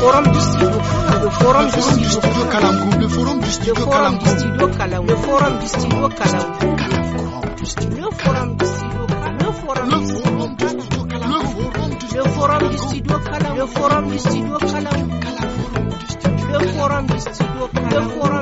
forum du studio le forum du le forum du studio le forum le forum le forum le forum forum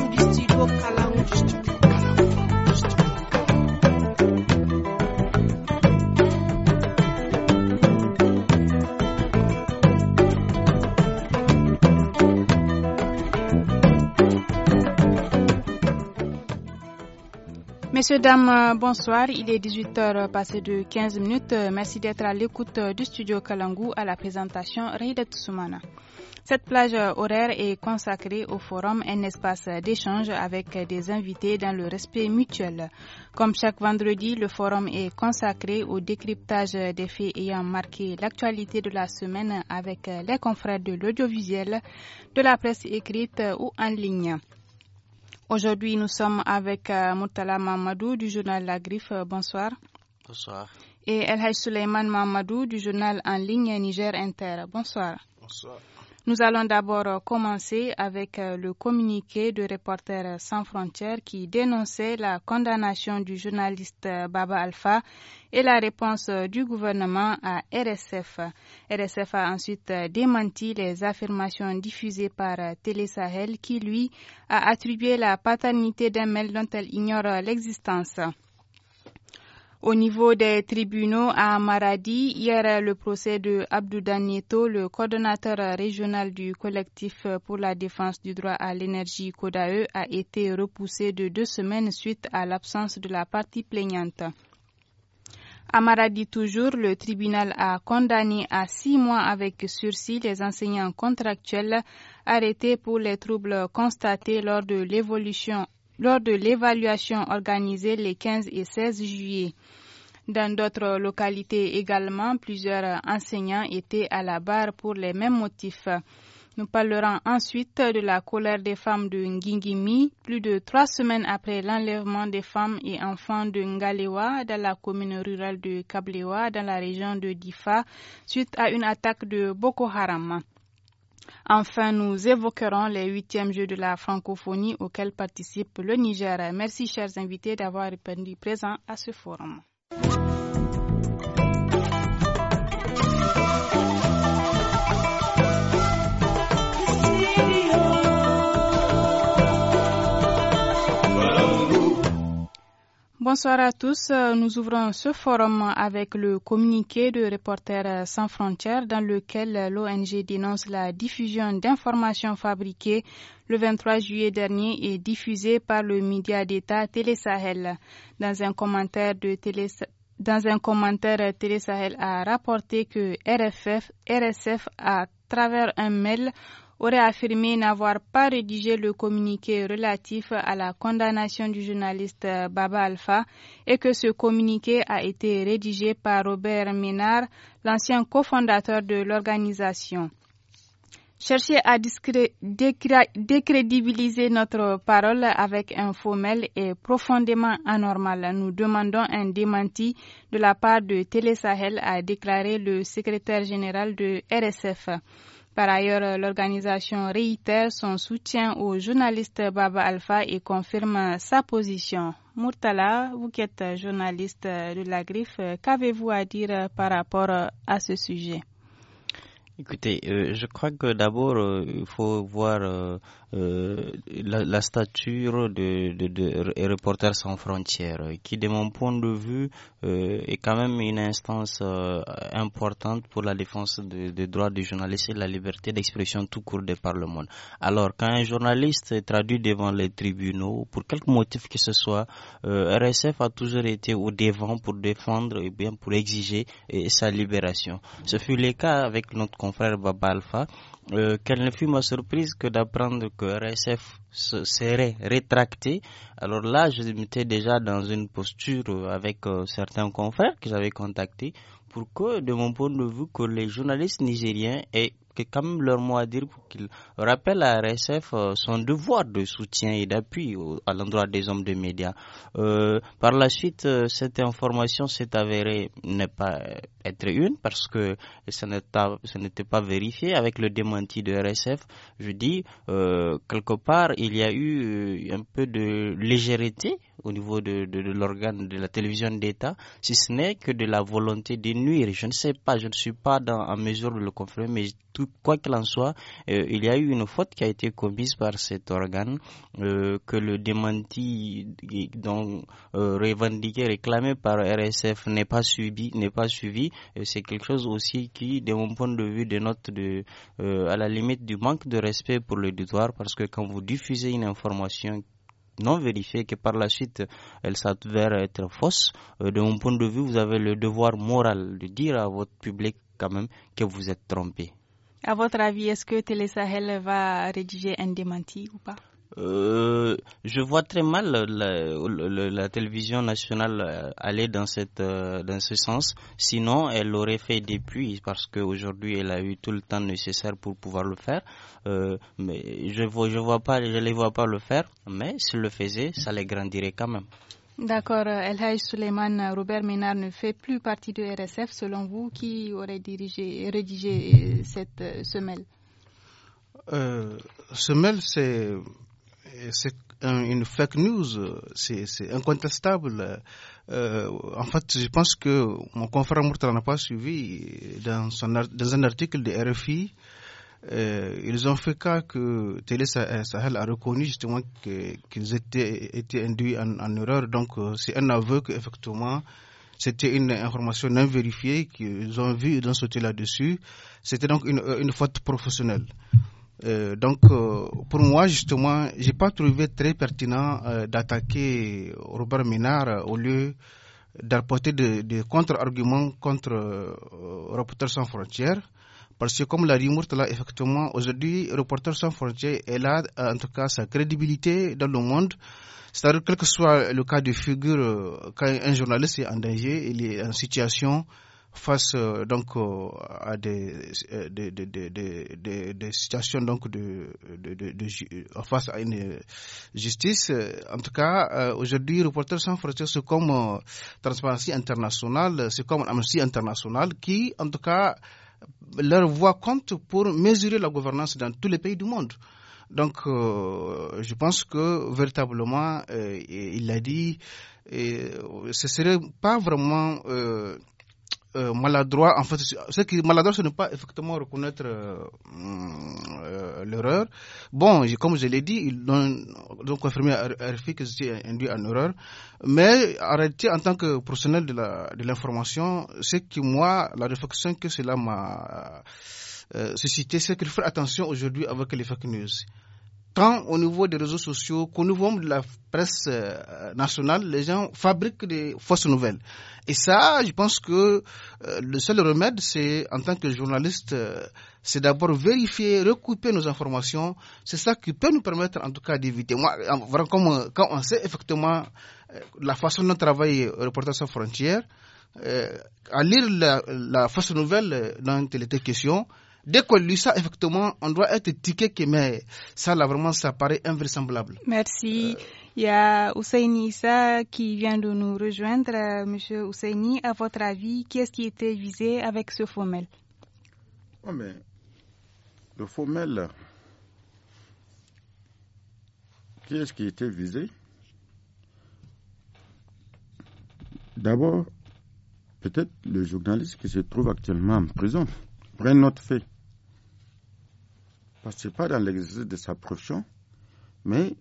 Monsieur, dames, euh, bonsoir. Il est 18h passé de 15 minutes. Euh, merci d'être à l'écoute euh, du studio Kalangu à la présentation Reidat Soumana. Cette plage horaire est consacrée au forum, un espace d'échange avec des invités dans le respect mutuel. Comme chaque vendredi, le forum est consacré au décryptage des faits ayant marqué l'actualité de la semaine avec les confrères de l'audiovisuel, de la presse écrite ou en ligne. Aujourd'hui, nous sommes avec euh, Moutala Mamadou du journal La Griffe. Euh, bonsoir. Bonsoir. Et El Haj Suleiman Mamadou du journal en ligne Niger Inter. Bonsoir. Bonsoir. Nous allons d'abord euh, commencer avec euh, le communiqué de Reporters sans frontières qui dénonçait la condamnation du journaliste euh, Baba Alpha et la réponse du gouvernement à RSF. RSF a ensuite démenti les affirmations diffusées par Télé Sahel qui, lui, a attribué la paternité d'un mail dont elle ignore l'existence. Au niveau des tribunaux à Maradi, hier, le procès de Abdou Danieto, le coordonnateur régional du collectif pour la défense du droit à l'énergie CODAE, a été repoussé de deux semaines suite à l'absence de la partie plaignante. À Maradi toujours, le tribunal a condamné à six mois avec sursis les enseignants contractuels arrêtés pour les troubles constatés lors de l'évolution lors de l'évaluation organisée les 15 et 16 juillet. Dans d'autres localités également, plusieurs enseignants étaient à la barre pour les mêmes motifs. Nous parlerons ensuite de la colère des femmes de Ngingimi, plus de trois semaines après l'enlèvement des femmes et enfants de Ngalewa dans la commune rurale de Kablewa, dans la région de Difa, suite à une attaque de Boko Haram. Enfin, nous évoquerons les huitièmes Jeux de la francophonie auxquels participe le Niger. Merci, chers invités, d'avoir répondu présent à ce forum. Bonsoir à tous. Euh, nous ouvrons ce forum avec le communiqué de Reporters sans frontières dans lequel l'ONG dénonce la diffusion d'informations fabriquées le 23 juillet dernier et diffusées par le média d'État Télé Sahel. Dans un commentaire de Télé dans un commentaire, Télé Sahel a rapporté que RFF, RSF a travers un mail aurait affirmé n'avoir pas rédigé le communiqué relatif à la condamnation du journaliste euh, Baba Alpha et que ce communiqué a été rédigé par Robert Ménard, l'ancien cofondateur de l'organisation. Chercher à décrédibiliser notre parole avec un faux mail est profondément anormal. Nous demandons un démenti de la part de Télé Sahel, a déclaré le secrétaire général de RSF. Par ailleurs, l'organisation réitère son soutien au journaliste Baba Alpha et confirme sa position. Murtala, vous qui êtes journaliste de la griffe, qu'avez-vous à dire par rapport à ce sujet Écoutez, euh, je crois que d'abord, euh, il faut voir euh, euh, la, stature de, Reporters sans frontières, qui de mon point de vue euh, est quand même une instance euh, importante pour la défense des droits des journalistes et la liberté d'expression tout court de par le monde. Alors, quand un journaliste est traduit devant les tribunaux, pour quelque motif que ce soit, RSF a toujours été au devant pour défendre et bien pour exiger sa libération. Ce fut le cas avec notre confrère Baba Alpha, euh, quelle ne fut ma surprise que d'apprendre que RSF serait rétracté. Alors là, je m'étais déjà dans une posture avec euh, certains confrères que j'avais contactés pour que, de mon point de vue, que les journalistes nigériens aient que quand même leur mot à dire pour qu'ils rappellent à RSF euh, son devoir de soutien et d'appui à l'endroit des hommes de médias. Euh, par la suite, euh, cette information s'est avérée ne pas être une parce que ça n'était pas vérifié avec le démenti de RSF. Je dis, quelque part, il y a eu un peu de légèreté au niveau de, l'organe de la télévision d'État, si ce n'est que de la volonté de nuire. Je ne sais pas, je ne suis pas dans, en mesure de le confirmer, mais tout quoi qu'il en soit, euh, il y a eu une faute qui a été commise par cet organe euh, que le démenti donc euh, revendiqué, réclamé par RSF n'est pas subi, n'est pas suivi. C'est quelque chose aussi qui, de mon point de vue, dénote de, à la limite du manque de respect pour l'auditoire parce que quand vous diffusez une information non vérifiée que par la suite elle s'avère être fausse, de mon point de vue, vous avez le devoir moral de dire à votre public quand même que vous êtes trompé. À votre avis, est-ce que Télé Sahel va rédiger un démenti ou pas euh, je vois très mal la, télévision nationale euh, aller dans cette euh, dans ce sens. Sinon, elle l'aurait fait depuis parce qu'aujourd'hui elle a eu tout le temps nécessaire pour pouvoir le faire. mais je vois je vois je les vois pas le faire. Mais elle le faisait, ça les grandirait quand même. D'accord. Elhaj Suleiman Robert Ménard ne fait plus partie de RSF. Selon vous, qui aurait dirigé, rédigé cette euh, semelle euh, Semelle, c'est une fake news, c'est incontestable. Euh, en fait, je pense que mon confrère Mourtala n'a pas suivi dans, dans un article de RFI euh, ils ont fait cas que Télé euh, Sahel a reconnu justement qu'ils étaient, induits en, erreur. Donc, euh, c'est un aveu qu'effectivement, c'était une information non vérifiée qu'ils ont vu, ils ont sauté là-dessus. C'était donc une, faute professionnelle. donc, pour moi, justement, j'ai pas trouvé très pertinent d'attaquer Robert Ménard au lieu d'apporter des de contre-arguments contre Reporters sans frontières. Parce que comme l'a dit Murtala, effectivement, aujourd'hui, Reporter sans frontières, elle euh, a en tout cas sa crédibilité dans le monde. C'est-à-dire, quel que soit le cas de figure, euh, quand un journaliste est en danger, il est en situation face euh, donc à des, situations donc de, de, face à une justice en tout cas aujourd'hui Reporters sans frontières c'est comme Transparency International c'est comme Amnesty International qui en tout cas leur voix compte pour mesurer la gouvernance dans tous les pays du monde. Donc, euh, je pense que véritablement, euh, il a dit, et ce serait pas vraiment euh, euh, maladroit, en fait, ce qui est maladroit, ce n'est pas effectivement reconnaître euh, euh, l'erreur. Bon, comme je l'ai dit, ils ont, confirmé à RFI que c'était induit en erreur. Mais en réalité, en tant que professionnel de l'information, ce qui moi, la réflexion que cela m'a suscité, c'est qu'il faut attention aujourd'hui avec les fake news tant au niveau des réseaux sociaux qu'au niveau de la presse euh, nationale, les gens fabriquent des fausses nouvelles. Et ça, je pense que euh, le seul remède, c'est en tant que journaliste, euh, c'est d'abord vérifier, recouper nos informations. C'est ça qui peut nous permettre, en tout cas, d'éviter. Moi, comme, quand on sait effectivement la façon dont travaille Reporters sans frontières, à lire la, fausse nouvelle dans une était question, Dès qu'on lit ça, effectivement, on doit être tiqué que mais ça là vraiment ça paraît invraisemblable. Merci. Euh. Il y a Ousseini Issa qui vient de nous rejoindre. Euh, Monsieur Ousseini, à votre avis, qu'est-ce qui était visé avec ce FOMEL oh mais, Le FOMEL, qu'est-ce qui était visé D'abord, peut-être le journaliste qui se trouve actuellement en prison. Prenez notre fait n'est pas dans l'exercice de sa profession, mais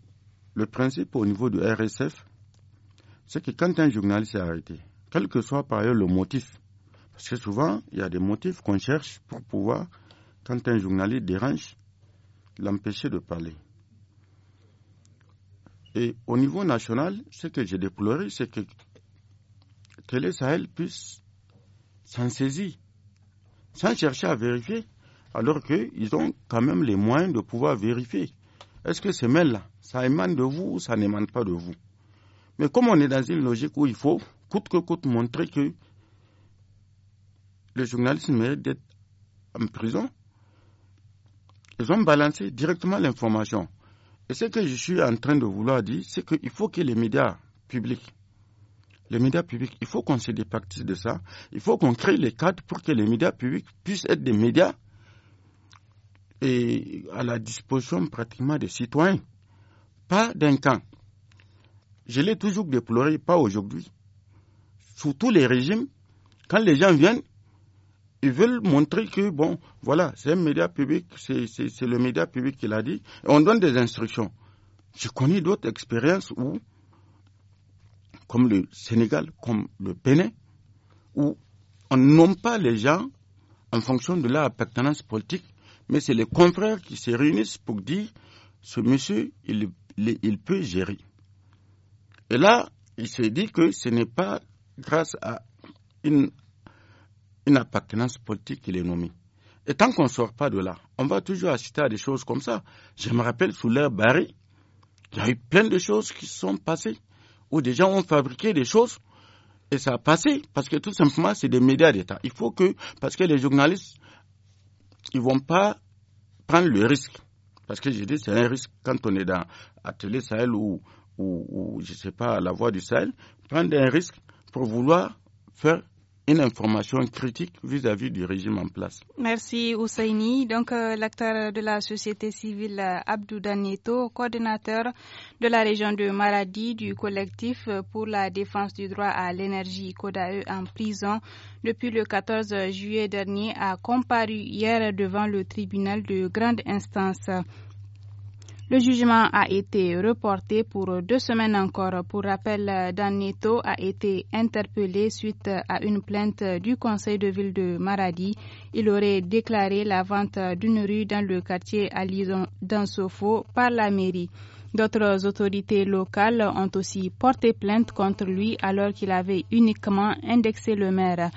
le principe au niveau du RSF, c'est que quand un journaliste est arrêté, quel que soit par ailleurs le motif, parce que souvent, il y a des motifs qu'on cherche pour pouvoir, quand un journaliste dérange, l'empêcher de parler. Et au niveau national, ce que j'ai déploré, c'est que les Sahel puisse s'en saisir, sans chercher à vérifier alors qu'ils ont quand même les moyens de pouvoir vérifier. Est-ce que ces mails-là, ça émane de vous ou ça n'émane pas de vous Mais comme on est dans une logique où il faut, coûte que coûte, montrer que le journalistes mérite d'être en prison, ils ont balancé directement l'information. Et ce que je suis en train de vouloir dire, c'est qu'il faut que les médias publics, les médias publics, il faut qu'on se départisse de ça. Il faut qu'on crée les cadres pour que les médias publics puissent être des médias et à la disposition pratiquement des citoyens, pas d'un camp. Je l'ai toujours déploré, pas aujourd'hui. Sous tous les régimes, quand les gens viennent, ils veulent montrer que, bon, voilà, c'est un média public, c'est le média public qui l'a dit, et on donne des instructions. J'ai connu d'autres expériences où, comme le Sénégal, comme le Pénin, où on nomme pas les gens en fonction de leur appartenance politique, mais c'est les confrères qui se réunissent pour dire ce monsieur, il, peut gérer. Et là, il s'est dit que ce n'est pas grâce à une, appartenance politique qu'il est nommé. Et tant qu'on ne sort pas de là, on va toujours assister à des choses comme ça. Je me rappelle sous l'ère Barry, il y a eu plein de choses qui sont passées, où des gens ont fabriqué des choses et ça a passé, parce que tout simplement, c'est des médias d'État. Il faut que, parce que les journalistes, ils ne vont pas prendre le risque, parce que j'ai dit c'est un risque quand on est dans Atelier Sahel ou, ou, je ne sais pas, la voie du Sahel, prendre un risque pour vouloir faire une information critique vis-à-vis du régime en place. Merci Ousseini. Donc euh, l'acteur de la société civile euh, Abdou Daneto, coordinateur de la région de Maradi du collectif euh, pour la défense du droit à l'énergie CODAE en prison depuis le 14 juillet dernier, a comparu hier devant le tribunal de grande instance. Le jugement a été reporté pour deux semaines encore. Pour rappel, Daneto a été interpellé suite à une plainte du conseil de ville de Maradi. Il aurait déclaré la vente d'une rue dans le quartier Alison d'Ansofo par la mairie. D'autres autorités locales ont aussi porté plainte contre lui alors qu'il avait uniquement indexé le maire.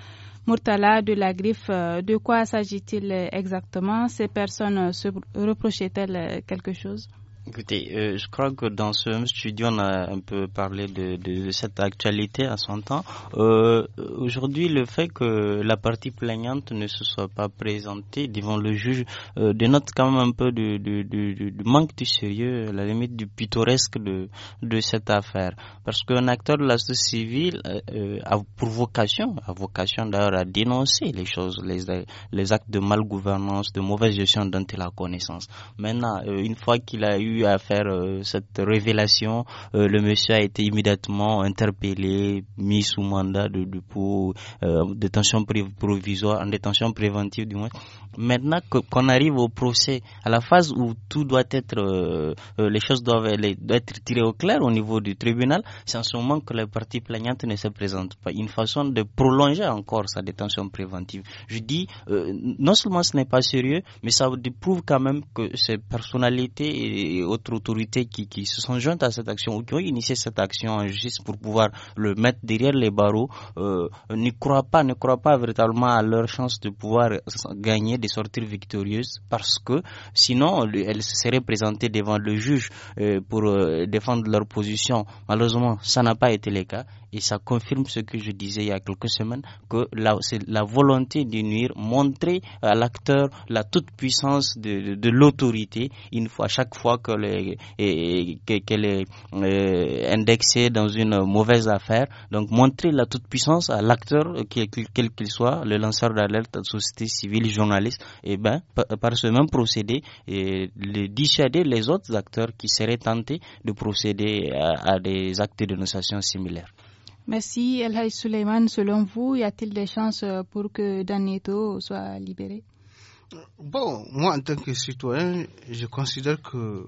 Murtala de la griffe, euh, de quoi s'agit-il exactement Ces personnes se reprochaient-elles euh, quelque chose Écoutez, euh, je crois que dans ce studio, on a un peu parlé de, cette actualité à son temps. Euh, aujourd'hui, le fait que la partie plaignante ne se soit pas présentée devant le juge euh, dénote quand même un peu du, du, manque de sérieux, à la limite du pittoresque de, de cette affaire. Parce qu'un acteur de la société civile a pour vocation, a vocation d'ailleurs à dénoncer les choses, les, les actes de malgouvernance, de mauvaise gestion dont il a connaissance. Maintenant, une fois qu'il a eu à faire euh, cette révélation, euh, le monsieur a été immédiatement interpellé, mis sous mandat de, euh, détention provisoire, en détention préventive du moins maintenant qu'on arrive au procès, à la phase où tout doit être, euh, euh, les choses doivent être tirées au clair au niveau du tribunal, c'est en ce moment que les parties plaignantes ne se présentent pas. Une façon de prolonger encore sa détention préventive. Je dis, euh, non seulement ce n'est pas sérieux, mais ça prouve quand même que ces personnalités et autres autorités qui, se sont jointes à cette action ou qui ont initié cette action en justice pour pouvoir le mettre derrière les barreaux, ne croient pas, ne croient pas véritablement à leur chance de pouvoir gagner des sortir victorieuse parce que sinon elle serait présentée devant le juge euh, pour euh, défendre leur position. Malheureusement, ça n'a pas été le cas et ça confirme ce que je disais il y a quelques semaines que c'est la volonté de nuire, montrer à l'acteur la toute-puissance de, l'autorité une fois, à chaque fois qu'elle est, qu'elle est euh, indexée dans une mauvaise affaire. Donc montrer la toute-puissance à l'acteur, quel qu'il soit, le lanceur d'alerte, la société civile, journaliste eh ben, par ce même procédé, et eh, les dissuader les autres acteurs qui seraient tentés de procéder à, des actes de dénonciation similaires. Merci El Suleiman. Selon vous, y a-t-il des chances euh, pour que Danieto soit libéré Bon, moi en tant que citoyen, je considère que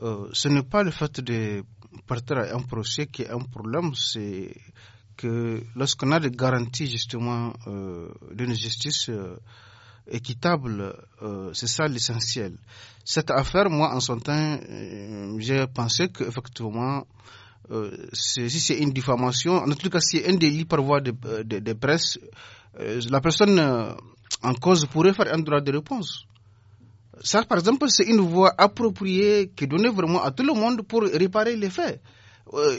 euh, ce n'est pas le fait de partir à un procès qui est un problème, c'est que lorsqu'on a des garanties justement euh, d'une justice euh, équitable, euh, c'est ça l'essentiel. Cette affaire, moi, en son temps, euh, j'ai pensé qu'effectivement, euh, si c'est une diffamation, en tout cas, si c'est un délit par voie de, presse, la personne en cause pourrait faire un droit de réponse. Ça, par exemple, c'est une voie appropriée qui donnait vraiment à tout le monde pour réparer les faits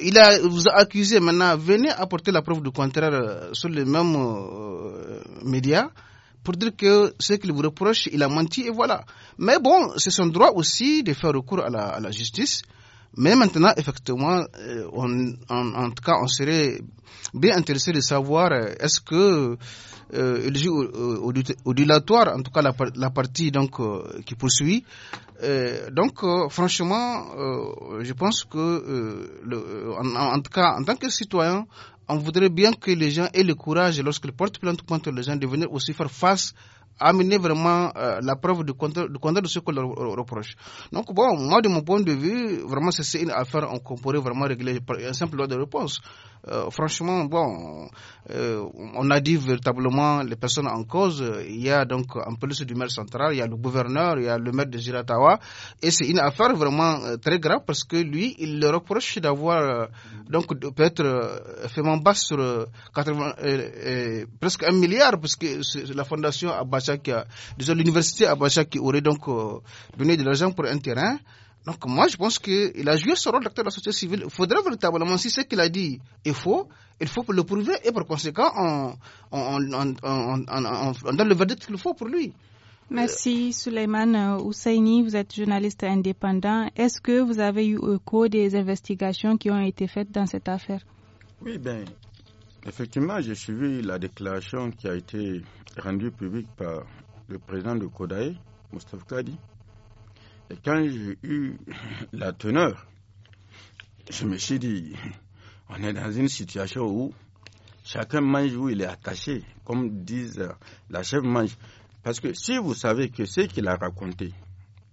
il a, vous a accusé maintenant, venez apporter la preuve du contraire sur les mêmes médias pour dire que ce qu'il vous reproche, il a menti et voilà. Mais bon, c'est son droit aussi de faire recours à la, justice. Mais maintenant, effectivement, euh, en tout cas, on serait bien intéressé de savoir euh, est-ce que euh, il joue au, en tout cas la, partie donc qui poursuit. donc, franchement, je pense que, en, tout cas, en tant que citoyen, on voudrait bien que les gens aient le courage, lorsqu'ils portent plainte contre les gens, de venir aussi faire face amener vraiment euh, la preuve du contraire de ce qu'on leur reproche. Donc, bon, moi, de mon point de vue, vraiment, c'est une affaire qu'on pourrait vraiment régler par un simple loi de réponse. Euh, franchement, bon, euh, on a dit véritablement les personnes en cause. Il y a donc un plus du maire central, il y a le gouverneur, il y a le maire de Giratawa. Et c'est une affaire vraiment euh, très grave parce que lui, il le reproche d'avoir donc peut-être fait mon bas sur presque un milliard parce que la fondation Abacha qui a, l'université Abacha qui aurait donc donné de l'argent pour un terrain. Donc moi, je pense qu'il a joué son rôle d'acteur de la société civile. Il faudrait véritablement, si ce qu'il a dit est faux, il faut le prouver et par conséquent, on, donne le verdict qu'il faut pour lui. Merci Souleymane Husseini, vous êtes journaliste indépendant. Est-ce que vous avez eu écho des investigations qui ont été faites dans cette affaire Oui, bien, effectivement, j'ai suivi la déclaration qui a été rendue publique par le président de Kodaï, Mustafa Kadi quand j'ai eu la teneur, je me suis dit, on est dans une situation où chacun mange où il est attaché, comme disent la chef mange. Parce que si vous savez que ce qu'il a raconté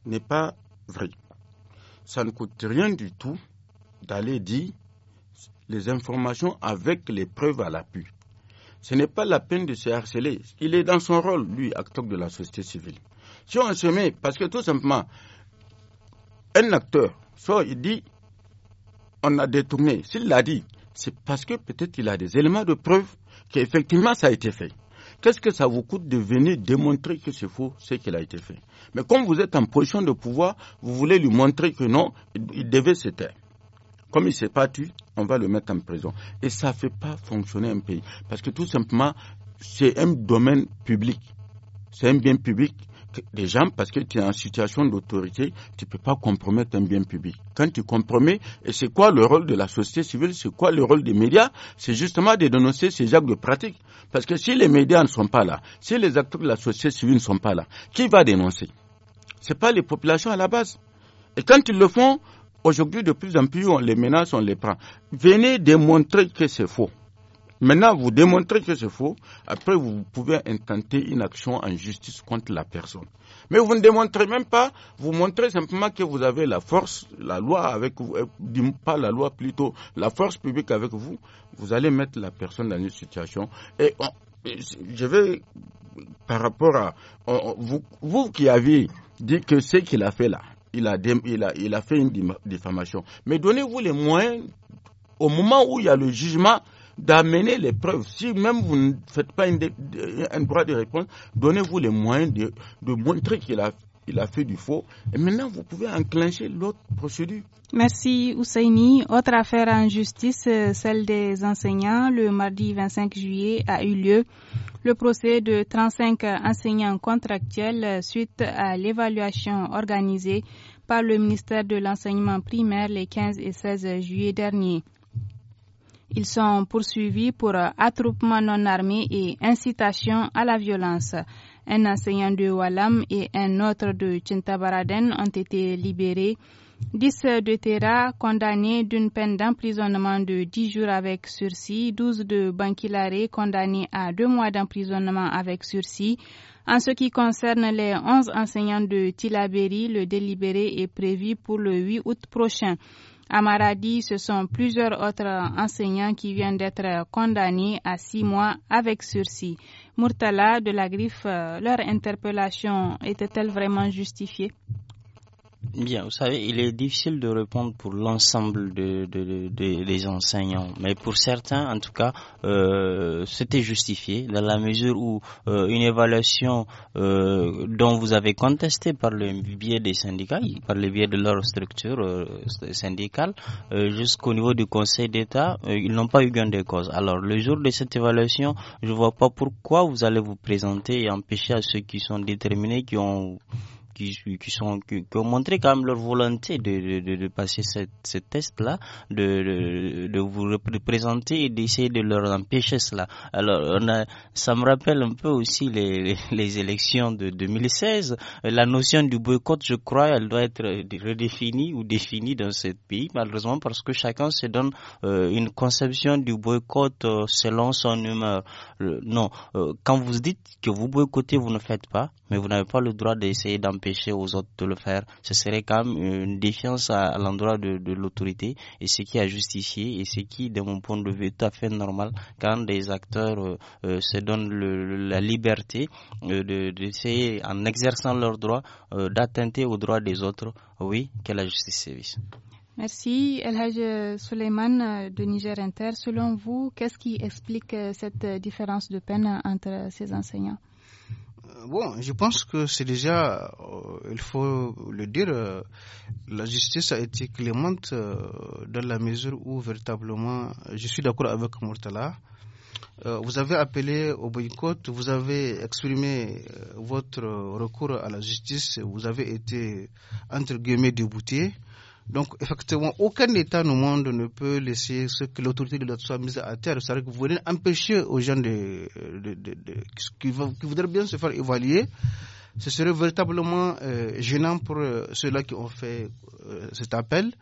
n'est pas vrai, ça ne coûte rien du tout d'aller dire les informations avec les preuves à l'appui. Ce n'est pas la peine de se harceler. Il est dans son rôle, lui, acteur de la société civile. Si on se met, parce que tout simplement, un acteur, soit il dit on a détourné, s'il l'a dit, c'est parce que peut-être il a des éléments de preuve qu'effectivement ça a été fait. Qu'est-ce que ça vous coûte de venir démontrer que c'est faux, ce qu'il a été fait Mais comme vous êtes en position de pouvoir, vous voulez lui montrer que non, il devait se taire. Comme il ne s'est pas tué, on va le mettre en prison. Et ça ne fait pas fonctionner un pays. Parce que tout simplement, c'est un domaine public. C'est un bien public des gens parce que tu es en situation d'autorité, tu ne peux pas compromettre un bien public. Quand tu compromets, et c'est quoi le rôle de la société civile, c'est quoi le rôle des médias C'est justement de dénoncer ces actes de pratique. Parce que si les médias ne sont pas là, si les acteurs de la société civile ne sont pas là, qui va dénoncer Ce n'est pas les populations à la base. Et quand ils le font, aujourd'hui, de plus en plus, on les menace, on les prend. Venez démontrer que c'est faux. Maintenant, vous démontrez que c'est faux. Après, vous pouvez intenter une action en justice contre la personne. Mais vous ne démontrez même pas, vous montrez simplement que vous avez la force, la loi avec vous, euh, pas la loi plutôt, la force publique avec vous. Vous allez mettre la personne dans une situation. Et je vais, par rapport à, vous, qui avez dit que ce qu'il a fait là, il, a, il a fait une diffamation. Mais donnez-vous les moyens, au moment où il y a le jugement, d'amener les preuves. Si même vous ne faites pas un droit de réponse, donnez-vous les moyens de, montrer qu'il a fait du faux. Et maintenant, vous pouvez enclencher l'autre procédure. Merci Ousseini. Autre affaire en justice, euh, celle des enseignants. Le mardi 25 juillet a eu lieu le procès de 35 enseignants contractuels suite à l'évaluation organisée par le ministère de l'enseignement primaire les 15 et 16 juillet dernier. Ils sont poursuivis pour euh, attroupement non armé et incitation à la violence. Un enseignant de Walam et un autre de Chintabaraden ont été libérés. Dix de Terra condamnés d'une peine d'emprisonnement de dix jours avec sursis, Douze de Bankilare, condamnés à deux mois d'emprisonnement avec sursis. En ce qui concerne les onze enseignants de Tilaberi, le délibéré est prévu pour le 8 août prochain. À Maradi, ce sont plusieurs autres enseignants qui viennent d'être condamnés à six mois avec sursis. Murtala de la Griffe, euh, leur interpellation était-elle vraiment justifiée? Bien, vous savez, il est difficile de répondre pour l'ensemble de, de, des enseignants, mais pour certains, en tout cas, euh, c'était justifié dans la mesure où euh, une évaluation euh, dont vous avez contesté par le biais des syndicats, par le biais de leur structure syndicale, jusqu'au niveau du Conseil d'État, ils n'ont pas eu gain de cause. Alors, le jour de cette évaluation, je ne vois pas pourquoi vous allez vous présenter et empêcher à ceux qui sont déterminés, qui ont qui, sont qui, ont montré quand même leur volonté de, de, passer cette, ce test-là, de, de, vous représenter et d'essayer de leur empêcher cela. Alors, on a, ça me rappelle un peu aussi les, les élections de 2016. La notion du boycott, je crois, elle doit être redéfinie ou définie dans ce pays, malheureusement, parce que chacun se donne euh, une conception du boycott euh, selon son humeur. non, euh, quand vous dites que vous boycottez, vous ne faites pas, mais vous n'avez pas le droit d'essayer d'empêcher empêcher aux autres de le faire. Ce serait quand même une défiance à, l'endroit de, l'autorité et ce qui a justifié et ce qui, de mon point de vue, est tout à fait normal quand des acteurs euh, euh, se donnent la liberté euh, d'essayer, en exerçant leurs droits, d'atteindre aux droits des autres. Oui, que la justice vise. Merci. Elhaj Suleiman de Niger Inter, selon vous, qu'est-ce qui explique cette différence de peine entre ces enseignants euh, bon, je pense que c'est déjà, euh, il faut le dire, euh, la justice a été clémente dans la mesure où véritablement, je suis d'accord avec Mortala. vous avez appelé au boycott, vous avez exprimé votre recours à la justice, vous avez été entre guillemets débouté. Donc, effectivement, aucun État au monde ne peut laisser ce que l'autorité de l'autre soit mise à terre. C'est-à-dire que vous empêcher aux gens de, de, de, qui, qui, voudraient bien se faire évaluer. Ce serait véritablement euh, gênant pour euh, ceux-là qui ont fait euh, cet appel.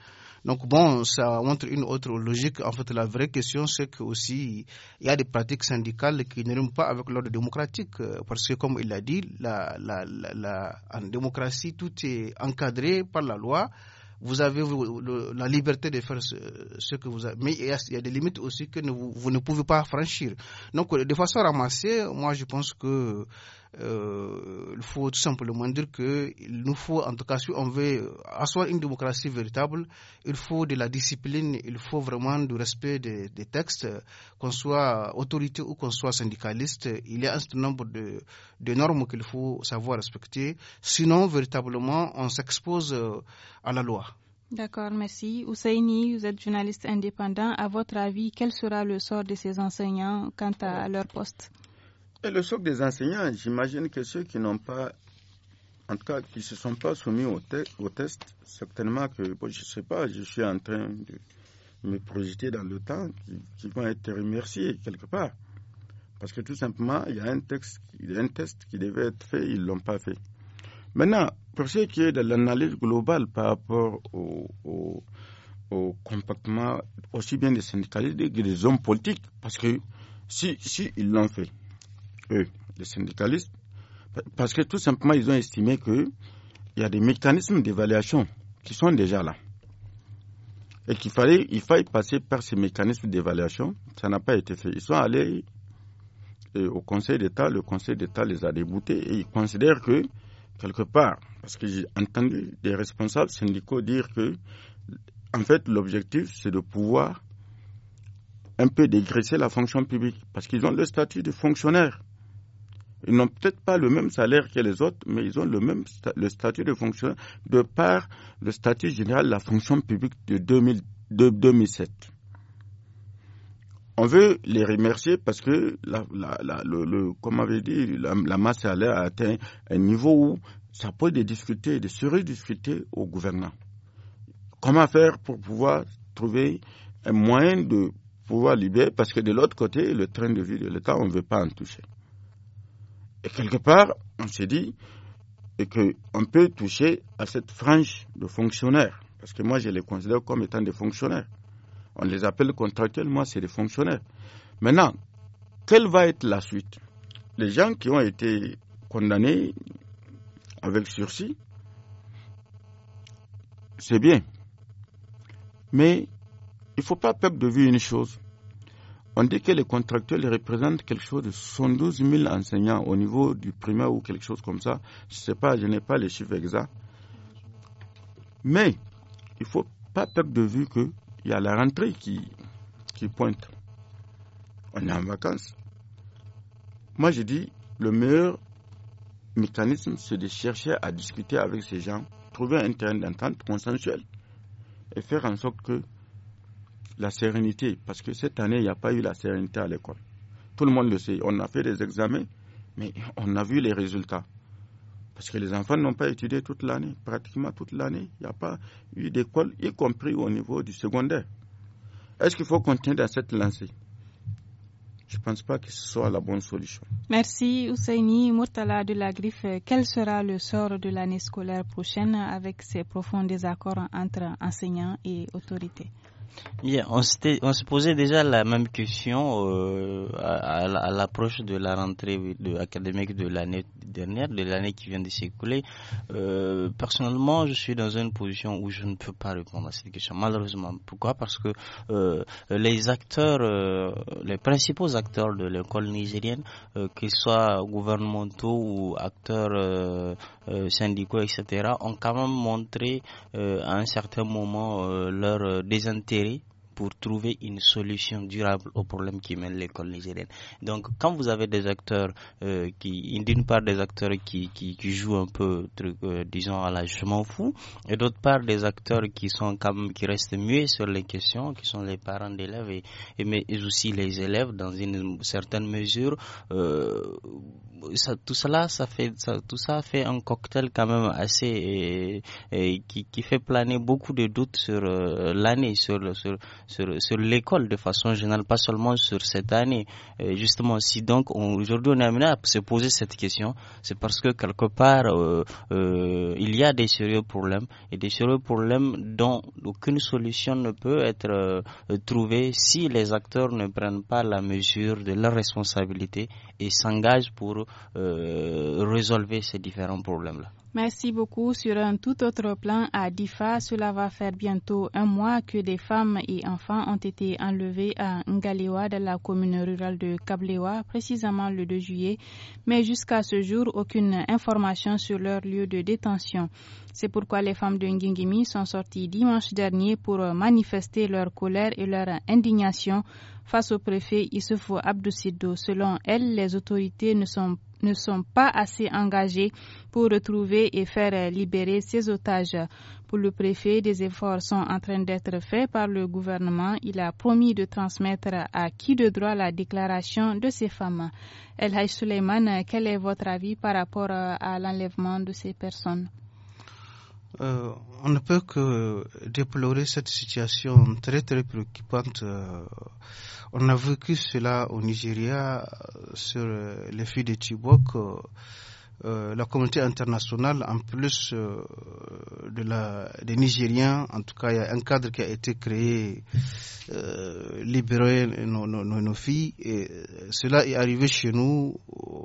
Donc bon, ça montre une autre logique. En fait, la vraie question, c'est que il y a des pratiques syndicales qui ne riment pas avec l'ordre démocratique, parce que comme il l'a dit, la, la, la, en démocratie, tout est encadré par la loi vous avez la liberté de faire ce, que vous avez. Mais il y, a, des limites aussi que vous, ne pouvez pas franchir. Donc, euh, de façon ramassée, moi, je pense que euh, il faut tout simplement dire qu'il nous faut, en tout cas, si on veut euh, asseoir une démocratie véritable, il faut de la discipline, il faut vraiment du respect des, textes, qu'on soit autorité ou qu'on soit syndicaliste. Il y a un certain nombre de, de normes qu'il faut savoir respecter. Sinon, véritablement, on s'expose euh, à la loi. D'accord, merci. Ousseini, vous êtes journaliste indépendant. À votre avis, quel sera le sort de ces enseignants quant à leur poste et le choc des enseignants, j'imagine que ceux qui n'ont pas, en tout cas, qui ne se sont pas soumis au, te au test, certainement que, je ne sais pas, je suis en train de me projeter dans le temps, qui, vont être remerciés quelque part. Parce que tout simplement, il y a un, texte, test qui devait être fait, ils ne l'ont pas fait. Maintenant, pour ce qui est de l'analyse globale par rapport au, comportement aussi bien des syndicalistes que des hommes politiques, parce que si, si ils l'ont fait, les syndicalistes, parce que tout simplement, ils ont estimé que il y a des mécanismes d'évaluation qui sont déjà là. Et qu'il fallait, il fallait passer par ces mécanismes d'évaluation. Ça n'a pas été fait. Ils sont allés euh, au Conseil d'État. Le Conseil d'État les a déboutés et ils considèrent que, quelque part, parce que j'ai entendu des responsables syndicaux dire que, en fait, l'objectif, c'est de pouvoir un peu dégraisser la fonction publique, parce qu'ils ont le statut de fonctionnaire. Ils n'ont peut-être pas le même salaire que les autres, mais ils ont le même le statut de fonctionnaire de par le statut général de la fonction publique de, 2007. On veut les remercier parce que, la, le, comme avait dit, la, masse salaire a atteint un niveau où ça peut être discuté, de se rediscuter au gouvernement. Comment faire pour pouvoir trouver un moyen de pouvoir libérer Parce que de l'autre côté, le train de vie de l'État, on ne veut pas en toucher. Et quelque part, on s'est dit qu'on peut toucher à cette frange de fonctionnaires, parce que moi je les considère comme étant des fonctionnaires. On les appelle contractuels, moi c'est des fonctionnaires. Maintenant, quelle va être la suite Les gens qui ont été condamnés avec sursis, c'est bien. Mais il ne faut pas perdre de vue une chose. On dit que les contractuels représentent quelque chose de 112 000 enseignants au niveau du primaire ou quelque chose comme ça. Je ne sais pas, je n'ai pas les chiffres exacts. Mais il ne faut pas perdre de vue qu'il y a la rentrée qui, qui pointe. On est en vacances. Moi, je dis, le meilleur mécanisme, c'est de chercher à discuter avec ces gens, trouver un terrain d'entente consensuel et faire en sorte que la sérénité, parce que cette année, il n'y a pas eu la sérénité à l'école. Tout le monde le sait. On a fait des examens, mais on a vu les résultats. Parce que les enfants n'ont pas étudié toute l'année, pratiquement toute l'année. Il n'y a pas eu d'école, y compris au niveau du secondaire. Est-ce qu'il faut continuer dans cette lancée je ne pense pas que ce soit la bonne solution. Merci Ousseini Murtala de la Griffe. Quel sera le sort de l'année scolaire prochaine avec ces profonds désaccords entre enseignants et autorités Bien, on, se posait déjà la même question euh, à, l'approche de la rentrée académique de l'année dernière, de l'année qui vient de s'écouler. Euh, personnellement, je suis dans une position où je ne peux pas répondre à cette question, malheureusement. Pourquoi Parce que euh, les acteurs, les principaux acteurs de l'école nigérienne, qu'ils soient gouvernementaux ou acteurs syndicaux, etc., ont quand même montré à un certain moment leur désintérêt pour trouver une solution durable au problème qui mène l'école nigérienne. Donc, quand vous avez des acteurs euh, qui, d'une part, des acteurs qui, qui, jouent un peu, euh, disons, à la je m'en fous, et d'autre part, des acteurs qui sont comme, qui restent muets sur les questions, qui sont les parents d'élèves et, et, mais aussi les élèves dans une certaine mesure, euh, ça, tout cela, ça fait, tout ça fait un cocktail quand même assez qui, qui, fait planer beaucoup de doutes sur euh, l'année, sur, sur, sur, l'école de façon générale, pas seulement sur cette année. justement, si donc aujourd'hui on est amené à se poser cette question, c'est parce que quelque part euh, euh, il y a des sérieux problèmes et des sérieux problèmes dont aucune solution ne peut être trouvée si les acteurs ne prennent pas la mesure de leur responsabilité et s'engagent pour euh, résolver ces différents problèmes-là. Merci beaucoup. Sur un tout autre plan, à Difa, cela va faire bientôt un mois que des femmes et enfants ont été enlevés à Ngalewa, dans la commune rurale de Kablewa, précisément le 2 juillet. Mais jusqu'à ce jour, aucune information sur leur lieu de détention. C'est pourquoi les femmes de Ngingimi sont sorties dimanche dernier pour manifester leur colère et leur indignation face au préfet Issoufou Abdou Selon elles, les autorités ne sont pas ne sont pas assez engagés pour retrouver et faire libérer ces otages. Pour le préfet, des efforts sont en train d'être faits par le gouvernement. Il a promis de transmettre à qui de droit la déclaration de ces femmes. El Haj Suleiman, quel est votre avis par rapport à l'enlèvement de ces personnes? Euh, on ne peut que euh, déplorer cette situation très très préoccupante. Euh, on a vécu cela au Nigeria sur les filles de Chibok. la communauté internationale, en plus des Nigériens, en tout cas, il y a un cadre qui a été créé, euh, libérer nos, nos, filles. Et cela est arrivé chez nous.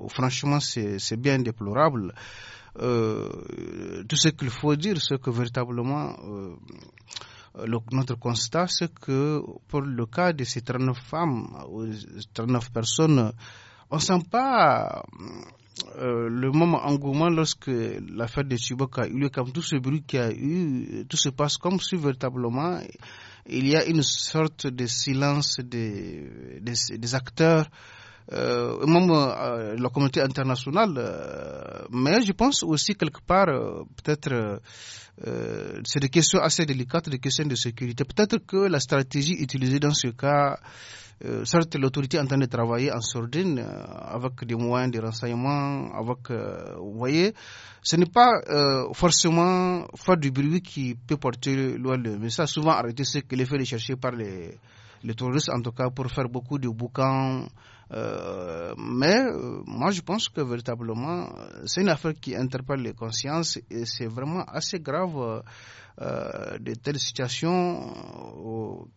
Franchement, c'est bien déplorable. Euh, tout ce qu'il faut dire, c'est que véritablement, euh, notre constat, c'est que pour le cas de ces 39 femmes, 39 personnes, on ne sent pas euh, le moment engouement lorsque l'affaire de Chibok a eu lieu, comme tout ce bruit qu'il y a eu, tout se passe comme si véritablement il y a une sorte de silence des, des acteurs euh, même euh, la communauté internationale. Euh, mais je pense aussi quelque part, peut-être, c'est des questions assez délicates, des questions de sécurité. Peut-être que la stratégie utilisée dans ce cas, certes, l'autorité en train de travailler en sordine avec des moyens de renseignement, avec, vous voyez, ce n'est pas forcément faire du bruit qui peut porter loin le a Souvent, arrêté ce que l'effet chercher par les, les touristes en tout cas, pour faire beaucoup de boucans euh, mais euh, moi, je pense que véritablement, euh, c'est une affaire qui interpelle les consciences et c'est vraiment assez grave euh, de telles situations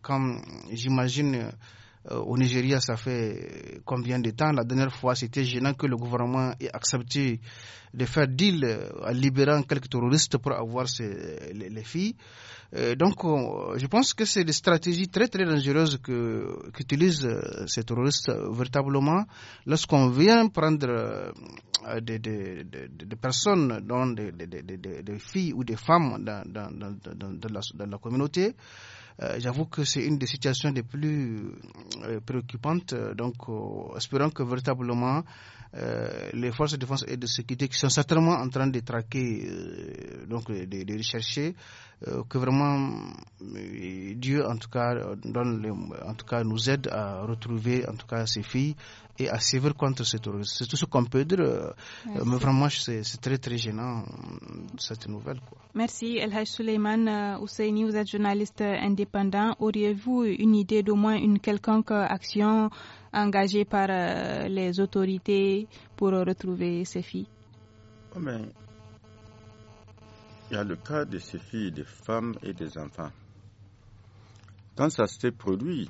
comme j'imagine euh, au Nigeria, ça fait euh, combien de temps La dernière fois, c'était gênant que le gouvernement ait accepté de faire deal euh, en libérant quelques terroristes pour avoir les, filles. donc, je pense que c'est des stratégies très très dangereuses qu'utilisent ces terroristes véritablement lorsqu'on vient prendre des, personnes, dont des, filles ou des femmes dans, la, communauté. Euh, j'avoue que c'est une des situations les plus euh, préoccupantes. Euh, donc, espérons que véritablement les forces de défense et de sécurité qui sont certainement en train de traquer, donc de, rechercher euh, que vraiment euh, Dieu en tout cas donne en tout cas nous aide à retrouver en tout cas filles et à sévir contre ces terrorisme. C'est tout ce qu'on peut dire. Euh, mais vraiment, c'est très, très gênant, cette nouvelle. Quoi. Merci, El Haj Suleiman Vous êtes journaliste indépendant. Auriez-vous une idée d'au moins une quelconque action engagée par les autorités pour retrouver ces filles oh, il y a le cas de ces filles, des femmes et des enfants. Quand ça s'est produit,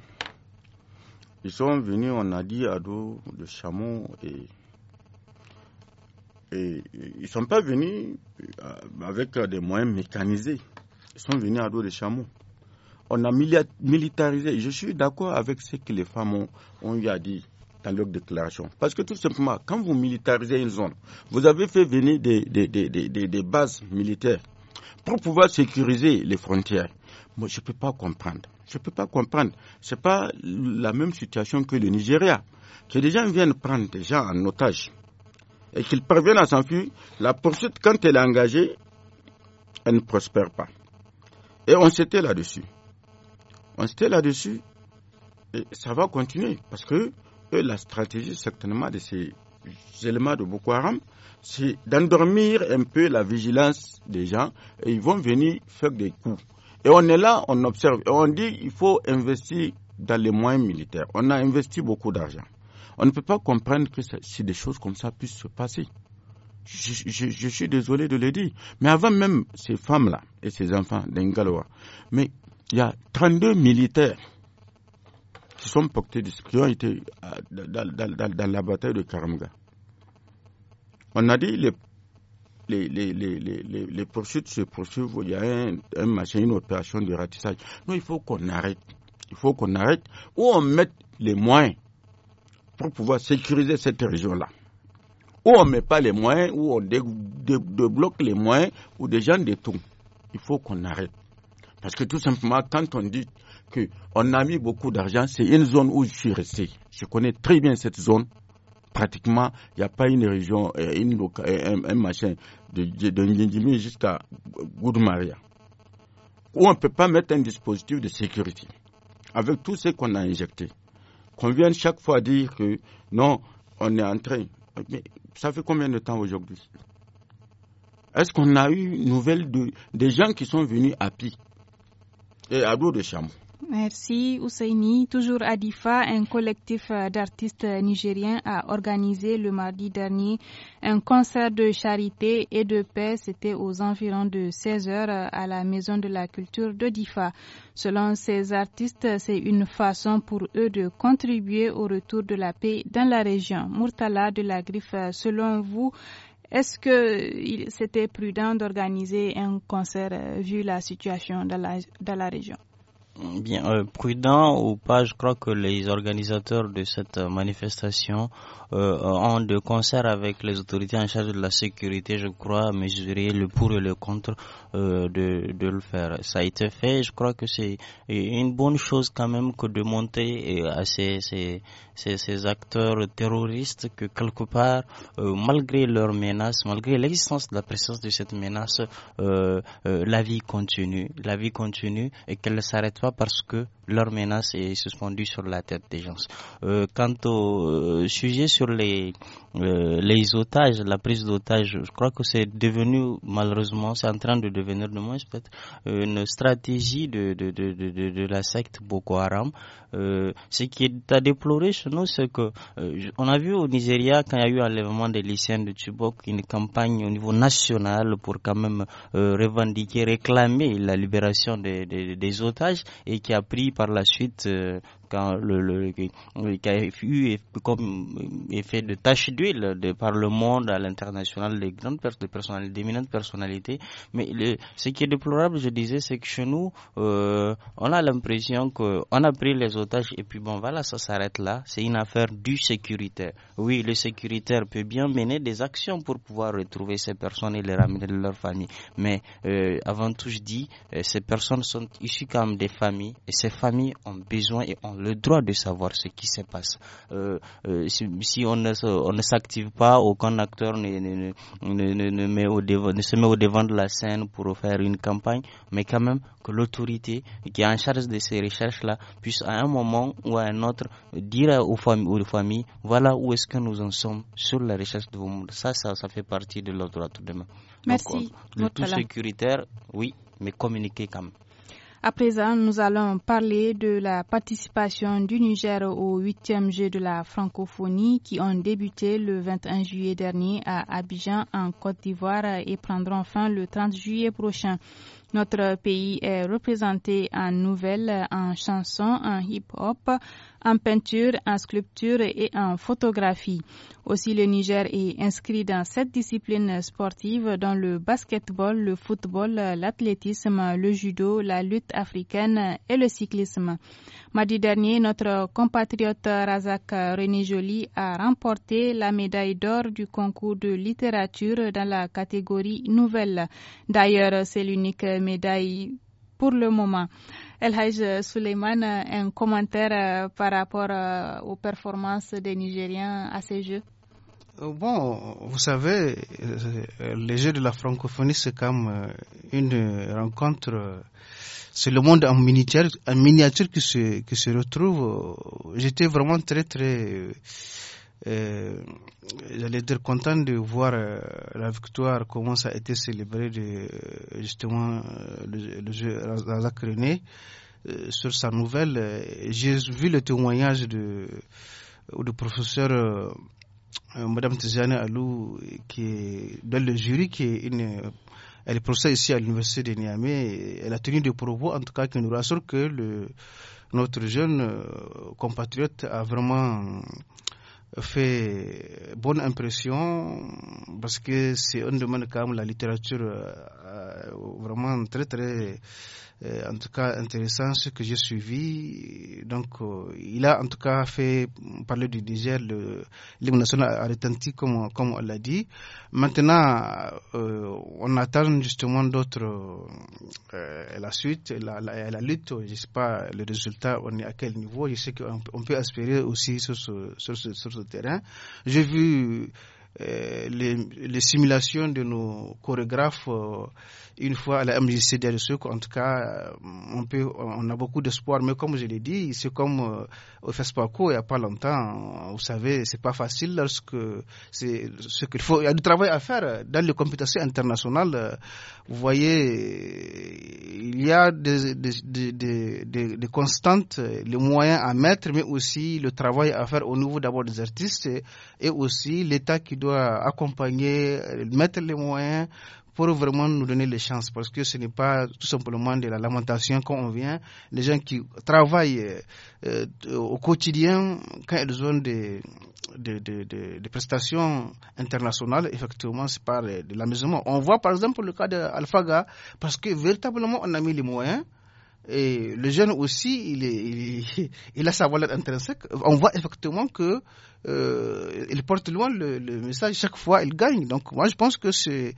ils sont venus, on a dit, à dos de chameau et et ils ne sont pas venus euh, avec des moyens mécanisés. Ils sont venus à dos de chameaux. On a militarisé. Je suis d'accord avec ce que les femmes ont, ont eu à dire leur déclaration. Parce que tout simplement, quand vous militarisez une zone, vous avez fait venir des, des, des bases militaires pour pouvoir sécuriser les frontières. Moi, je ne peux pas comprendre. Je ne peux pas comprendre. Ce n'est pas la même situation que le Nigeria. Que des gens viennent prendre des gens en otage et qu'ils parviennent à s'enfuir, la poursuite, quand elle est engagée, elle ne prospère pas. Et on s'était là-dessus. On s'était là-dessus et ça va continuer parce que eux, la stratégie certainement de ces éléments de Boko Haram, c'est d'endormir un peu la vigilance des gens et ils vont venir faire des coups. Et on est là, on observe, et on dit il faut investir dans les moyens militaires. On a investi beaucoup d'argent. On ne peut pas comprendre que si des choses comme ça puissent se passer. Je, je, suis désolé de le dire, mais avant même ces femmes-là et ces enfants d'Ingaloa, mais il y a 32 militaires nous sont portés, euh, dans, la bataille de Karamga. On a dit les les, poursuites se poursuivent, il y a un, machin, une opération de ratissage. Nous, il faut qu'on arrête. Il faut qu'on arrête Où on met les moyens pour pouvoir sécuriser cette région-là. Où on ne met pas les moyens, ou on débloque les moyens, ou des gens détournent. Il faut qu'on arrête. Parce que tout simplement, quand on dit que on a mis beaucoup d'argent. C'est une zone où je suis resté. Je connais très bien cette zone. Pratiquement, il n'y a pas une région, euh, une, euh, un, un, machin de, de, jusqu'à Goudmaria où on ne peut pas mettre un dispositif de sécurité avec tout ce qu'on a injecté. Qu'on vienne chaque fois dire que non, on est en train. Mais ça fait combien de temps aujourd'hui Est-ce qu'on a eu une nouvelle de, des gens qui sont venus à Pi et à dos de chameau Merci Ousseini. Toujours à Difa, un collectif euh, d'artistes nigériens a organisé le mardi dernier un concert de charité et de paix. C'était aux environs de 16 heures euh, à la Maison de la Culture de Difa. Selon ces artistes, c'est une façon pour eux de contribuer au retour de la paix dans la région. Murtala de la Griffe, euh, selon vous, est-ce que c'était prudent d'organiser un concert vu la situation dans la région? bien euh, prudent ou pas, je crois que les organisateurs de cette manifestation euh, ont de concert avec les autorités en charge de la sécurité, je crois, mesurer le pour et le contre euh, de, de, le faire. Ça a été fait, je crois que c'est une bonne chose quand même que de monter à ces, ces, acteurs terroristes que quelque part, euh, malgré leur menace, malgré l'existence de la présence de cette menace, euh, euh, la vie continue. La vie continue et qu'elle ne s'arrête pas parce que leur menace est suspendue sur la tête des gens. Euh, quant au euh, sujet sur les, euh, les otages, la prise d'otages, je crois que c'est devenu, malheureusement, c'est en train de devenir de moins peut-être, une stratégie de, de, de, de, de la secte Boko Haram. Euh, ce qui est à déplorer chez nous, c'est que euh, on a vu au Nigeria, quand il y a eu l'enlèvement des lycéens de Chibok, une campagne au niveau national pour quand même revendiquer, réclamer la libération des, des otages et qui a pris par la suite, euh, quand le, le, KFU comme, effet fait de taches d'huile de par le monde à l'international des grandes pertes de personnalités, personnalités. Mais ce qui est déplorable, je disais, c'est que chez nous, euh, on a l'impression qu'on a pris les otages et puis bon, voilà, ça s'arrête là. C'est une affaire du sécuritaire. Oui, le sécuritaire peut bien mener des actions pour pouvoir retrouver ces personnes et les ramener de leur famille. Mais euh, avant tout, je dis, euh, ces personnes sont issues comme des familles et ces familles ont besoin et ont le droit de savoir ce qui se passe. Euh, euh, si, on ne, s'active pas, aucun acteur ne, se met au devant de la scène pour faire une campagne, mais quand même que l'autorité qui est en charge de ces recherches-là puisse à un moment ou à un autre dire aux familles, aux familles voilà où est-ce que nous en sommes sur la recherche de vos Ça, ça, ça fait partie de leur droit de demain. Merci. le tout sécuritaire, oui, mais communiquer quand même. À présent, nous allons parler de la participation du Niger au huitième jeu de la francophonie qui ont débuté le 21 juillet dernier à Abidjan en Côte d'Ivoire et prendront fin le 30 juillet prochain. Notre pays est représenté en nouvelles, en chansons, en hip-hop, en peinture, en sculpture et en photographie. Aussi, le Niger est inscrit dans sept disciplines sportives dans le basketball, le football, l'athlétisme, le judo, la lutte africaine et le cyclisme. Mardi dernier, notre compatriote Razak René Jolie a remporté la médaille d'or du concours de littérature dans la catégorie nouvelle. D'ailleurs, c'est l'unique médaille pour le moment. El Hajj Suleiman, euh, un commentaire euh, par rapport euh, aux performances des Nigériens à ces Jeux Bon, vous savez, les Jeux de la francophonie, c'est comme une rencontre. C'est le monde en miniature, en miniature qui qui se retrouve. J'étais vraiment très, très euh, j'allais dire, content de voir euh, la victoire, comment ça a été célébré de, euh, justement le, le jeu Razak René sur sa nouvelle. J'ai vu le témoignage de, de professeur Madame Tiziane Alou qui est dans le jury, qui est une elle est professeure ici à l'université de Niamey. Elle a tenu des propos, en tout cas, qui nous rassurent que le, notre jeune compatriote a vraiment fait bonne impression parce que c'est un domaine même la littérature euh, euh, vraiment très très euh, en tout cas intéressant ce que j'ai suivi. Donc, euh, il a en tout cas fait parler du Niger, l'hymne national a retenti comme, comme on l'a dit. Maintenant, euh, on attend justement d'autres, la suite, la, la, la, lutte, je sais pas le résultat, on est à quel niveau. Je sais qu'on peut aspirer aussi sur ce, sur ce, sur ce terrain. J'ai vu euh, les, les, simulations de nos chorégraphes euh, une fois à la MJC d'Aresuk. En tout cas, euh, on, peut, on a beaucoup d'espoir. Mais comme je l'ai dit, c'est comme euh, au FESPACO il n'y a pas longtemps. Vous savez, c'est pas facile lorsque c'est ce qu'il faut. Il y a du travail à faire dans les compétitions internationales. Vous voyez, il y a des, des, des, des, constantes, les moyens à mettre, mais aussi le travail à faire au niveau d'abord des artistes et aussi l'État qui doit accompagner, euh, mettre les moyens pour vraiment nous donner les chances parce que ce n'est pas tout simplement de la lamentation quand on vient. Les gens qui travaillent euh, euh, au quotidien, quand ils ont des, de prestations internationales, effectivement, c'est par de l'amusement. On voit par exemple le cas d'Alphaga parce que véritablement on a mis les moyens. Et le jeune aussi, il, est, il a sa valeur intrinsèque. On voit effectivement que euh, il porte loin le, message. Chaque fois, il gagne. Donc, moi, je pense que c'est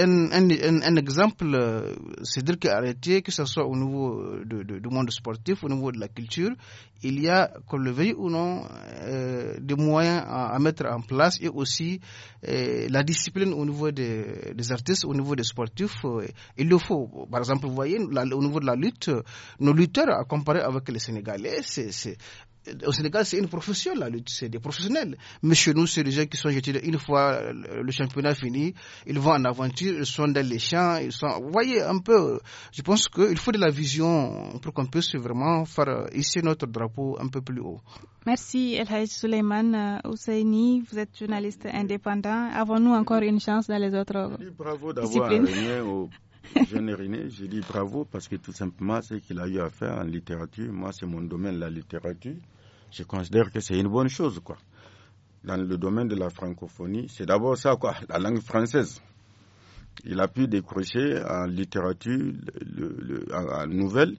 un, un, un, un, exemple. Euh, c'est-à-dire qu'arrêter, que ce soit au niveau de, du monde sportif, au niveau de la culture, il y a, qu'on le veuille ou non, euh, des moyens à, mettre en place et aussi euh, la discipline au niveau des, artistes, au niveau des sportifs. il le faut. Par exemple, vous voyez, au niveau de la lutte, nos lutteurs, à comparer avec les Sénégalais, c'est au Sénégal, c'est une profession, là c'est des professionnels. Mais chez nous, c'est des gens qui sont jetés une fois le championnat fini, ils vont en aventure, ils sont dans les champs, ils Vous voyez un peu, je pense qu'il faut de la vision pour qu'on puisse vraiment faire euh, ici notre drapeau un peu plus haut. Merci El Haj Suleiman euh, vous êtes journaliste indépendant. Avons-nous encore une chance dans les autres dis bravo d'avoir au jeune Je dis bravo parce que tout simplement, ce qu'il a eu à faire en littérature, moi c'est mon domaine, la littérature. Je considère que c'est une bonne chose, quoi. Dans le domaine de la francophonie, c'est d'abord ça, quoi, la langue française. Il a pu décrocher en littérature, en, nouvelle,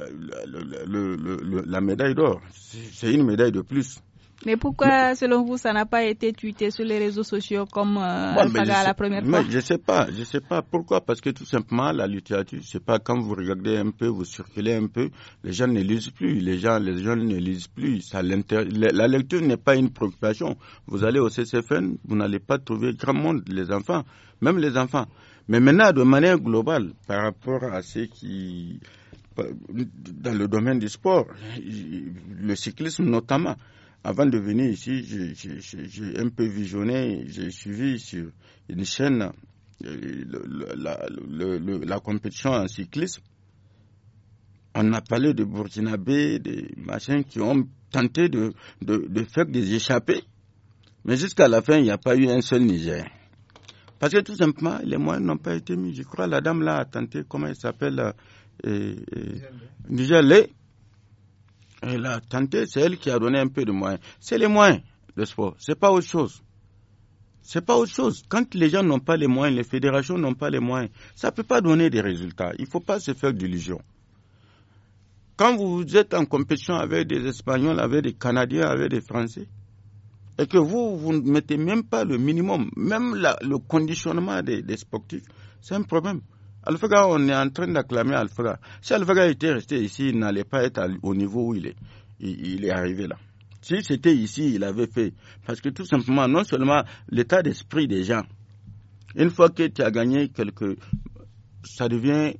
euh, la médaille d'or. C'est une médaille de plus. Mais pourquoi, selon vous, ça n'a pas été tweeté sur les réseaux sociaux comme euh, la première fois Je ne sais pas, je sais pas pourquoi, parce que tout simplement, la littérature, je sais pas, quand vous regardez un peu, vous circulez un peu, les gens ne lisent plus, les gens, les jeunes ne lisent plus. Ça la lecture n'est pas une préoccupation. Vous allez au CCFN, vous n'allez pas trouver grand monde, les enfants, même les enfants. Mais maintenant, de manière globale, par rapport à ce qui... dans le domaine du sport, le cyclisme notamment, avant de venir ici, j'ai un peu visionné, j'ai suivi sur une chaîne euh, la, compétition en cyclisme. On a parlé de Burkinabé, des machins qui ont tenté de, faire des échappées. Mais jusqu'à la fin, il n'y a pas eu un seul Niger. Parce que tout simplement, les moyens n'ont pas été mis. Je crois la dame là a tenté, comment elle s'appelle euh, euh, elle a tenté, c'est elle qui a donné un peu de moyens. C'est les moyens de sport, c'est pas autre chose. C'est pas autre chose. Quand les gens n'ont pas les moyens, les fédérations n'ont pas les moyens, ça ne peut pas donner des résultats. Il ne faut pas se faire d'illusions. Quand vous êtes en compétition avec des Espagnols, avec des Canadiens, avec des Français, et que vous, vous ne mettez même pas le minimum, même le conditionnement des sportifs, c'est un problème. Alfaga, on est en train d'acclamer Alfaga. Si Alfaga était resté ici, il n'allait pas être au niveau où il est. Il, est arrivé là. Si c'était ici, il avait fait. Parce que tout simplement, non seulement l'état d'esprit des gens, une fois que tu as gagné quelque. Ça devient.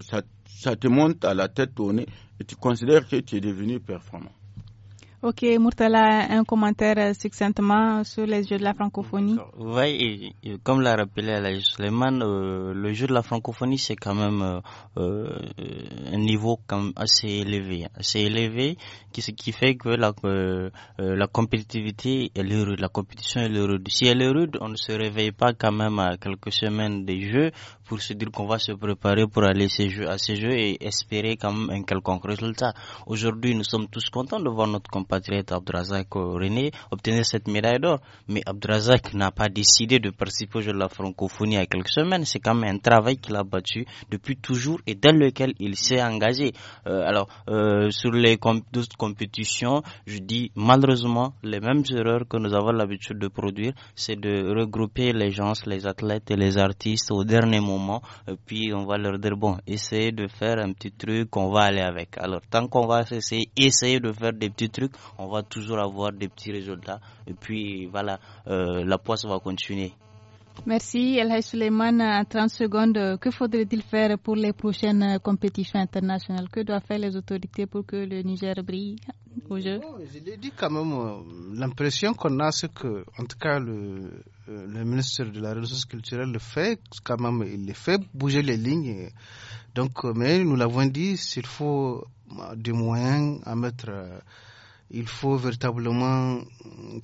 Ça, ça te monte à la tête tournée et tu considères que tu es devenu performant. Ok, Murtala, un commentaire succinctement sur les Jeux de la francophonie. Oui, comme l'a rappelé la Suleiman, euh, le Jeu de la francophonie, c'est quand même euh, euh, un niveau quand assez élevé. Assez élevé, qui, ce qui fait que la, compétitivité, et est rude, la compétition, est rude. Si elle est rude, on ne se réveille pas quand même à quelques semaines des Jeux pour se dire qu'on va se préparer pour aller à ces jeux, à ces jeux et espérer quand même un quelconque résultat. Aujourd'hui, nous sommes tous contents de voir notre compatriote Abdrazak euh, René obtenir cette médaille d'or. Mais Abdrazak n'a pas décidé de participer au jeu de la francophonie il y a quelques semaines. C'est quand même un travail qu'il a battu depuis toujours et dans lequel il s'est engagé. Euh, alors, euh, sur les compétitions, je dis malheureusement les mêmes erreurs que nous avons l'habitude de produire, c'est de regrouper les gens, les athlètes et les artistes au dernier moment et puis on va leur dire, bon, essayez de faire un petit truc, on va aller avec. Alors, tant qu'on va essayer, essayer de faire des petits trucs, on va toujours avoir des petits résultats, et puis voilà, euh, la poisse va continuer. Merci El Suleiman. En 30 secondes, que faudrait-il faire pour les prochaines compétitions internationales Que doivent faire les autorités pour que le Niger brille au jeu Je l'ai dit quand même, euh, l'impression qu'on a, c'est que, en tout cas, euh, le, ministre de la Ressource culturelle le fait, quand même, il le fait bouger les lignes. donc, euh, mais nous l'avons dit, s'il faut des moyens à mettre il faut véritablement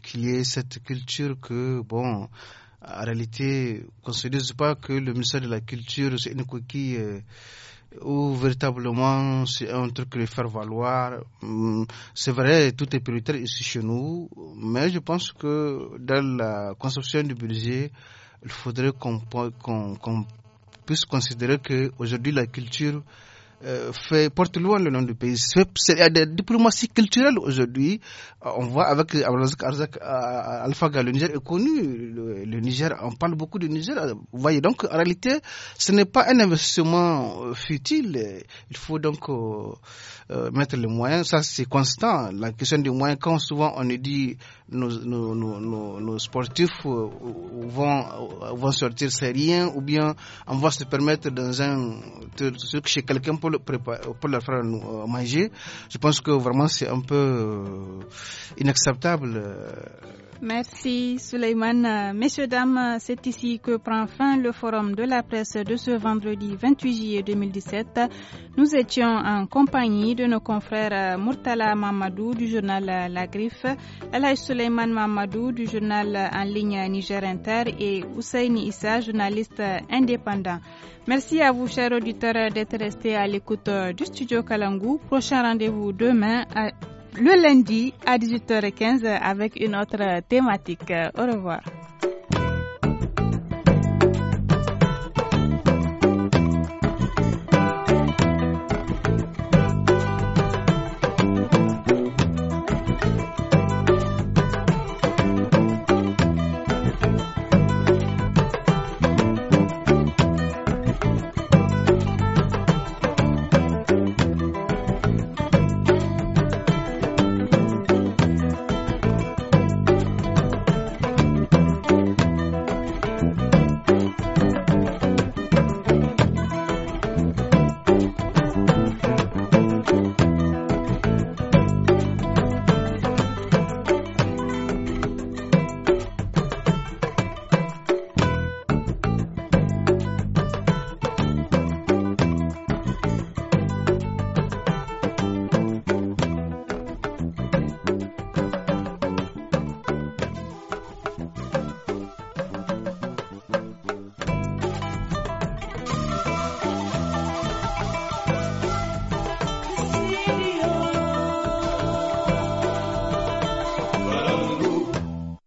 qu'il y ait cette culture que, bon, en réalité, qu'on ne se dise pas que le ministère de la Culture, c'est une coquille euh, où véritablement c'est un truc de faire valoir. Hum, c'est vrai, tout est prioritaire ici chez nous, mais je pense que dans la conception du budget, il faudrait qu'on puisse considérer qu'aujourd'hui la culture euh, fait, porte loin le nom du pays. Il y a des diplomaties culturelles aujourd'hui. Euh, on voit avec Arzak, euh, Alpha le Niger est connu. Le, Niger, on parle beaucoup du Niger. Vous voyez donc, en réalité, ce n'est pas un investissement euh, futile. Il faut donc mettre les moyens. Ça, c'est constant. La question des moyens, quand souvent on nous dit nos, nos, nos sportifs euh, vont, euh, vont sortir sérieux ou bien on va se permettre dans un truc chez quelqu'un pour, le pour faire euh, manger. Je pense que vraiment c'est un peu inacceptable. Merci Suleiman. Euh, messieurs, dames, euh, c'est ici que prend fin le forum de la presse de ce vendredi 28 juillet 2017. Nous étions en compagnie de nos confrères euh, Murtala Mamadou du journal La Griffe, Alaï Suleiman Mamadou du journal en ligne Niger Inter et Ousseini Issa, journaliste indépendant. Merci à vous, chers auditeurs, d'être restés à l'écoute du studio Kalangou. Prochain rendez-vous demain à le lundi à 18h15 avec une autre thématique. Au revoir.